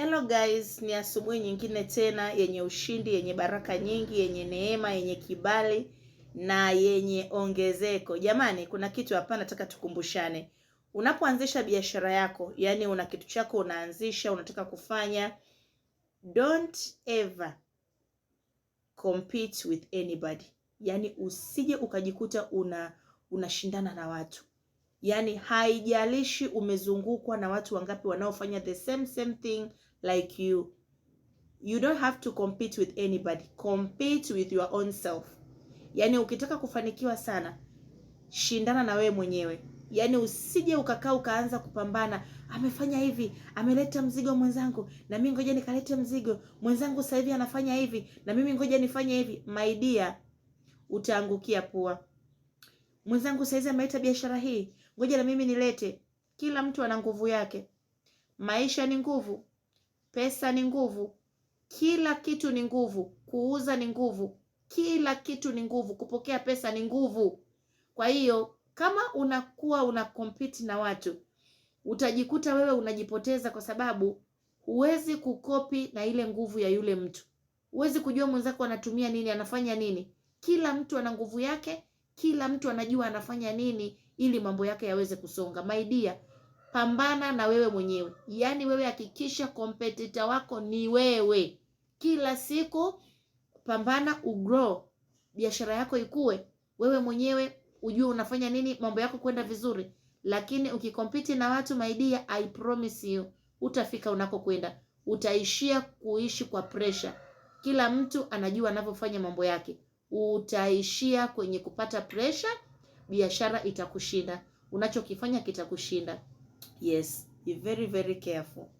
Hello guys, ni asubuhi nyingine tena yenye ushindi, yenye baraka nyingi, yenye neema, yenye kibali na yenye ongezeko. Jamani, kuna kitu hapa nataka tukumbushane. Unapoanzisha biashara yako, yani una kitu chako unaanzisha, unataka kufanya, don't ever compete with anybody. Yani usije ukajikuta una unashindana na watu Yani haijalishi umezungukwa na watu wangapi wanaofanya the same same thing like you. You don't have to compete with anybody. Compete with your own self. Yaani ukitaka kufanikiwa sana, shindana na wewe mwenyewe. Yaani usije ukakaa ukaanza kupambana, amefanya hivi, ameleta mzigo mwenzangu, na mimi ngoja nikalete mzigo mwenzangu, sasa hivi anafanya hivi, na mimi ngoja nifanye hivi. My dear, utaangukia pua. Mwenzangu sasa hivi ameleta biashara hii, ngoja na mimi nilete. Kila mtu ana nguvu yake. Maisha ni nguvu. Pesa ni nguvu, kila kitu ni nguvu, kuuza ni nguvu, kila kitu ni nguvu, kupokea pesa ni nguvu. Kwa hiyo kama unakuwa una compete na watu, utajikuta wewe unajipoteza, kwa sababu huwezi kukopi na ile nguvu ya yule mtu. Huwezi kujua mwenzako anatumia nini, anafanya nini. Kila mtu ana nguvu yake, kila mtu anajua anafanya nini ili mambo yake yaweze kusonga. My dear, pambana na wewe mwenyewe. Yaani wewe hakikisha competitor wako ni wewe. Kila siku pambana, ugrow, biashara yako ikue, wewe mwenyewe ujue unafanya nini, mambo yako kwenda vizuri. Lakini ukikompiti na watu my dear, I promise you utafika unakokwenda, utaishia kuishi kwa pressure. Kila mtu anajua anavyofanya mambo yake, utaishia kwenye kupata pressure, biashara itakushinda, unachokifanya kitakushinda. Yes, be very, very careful.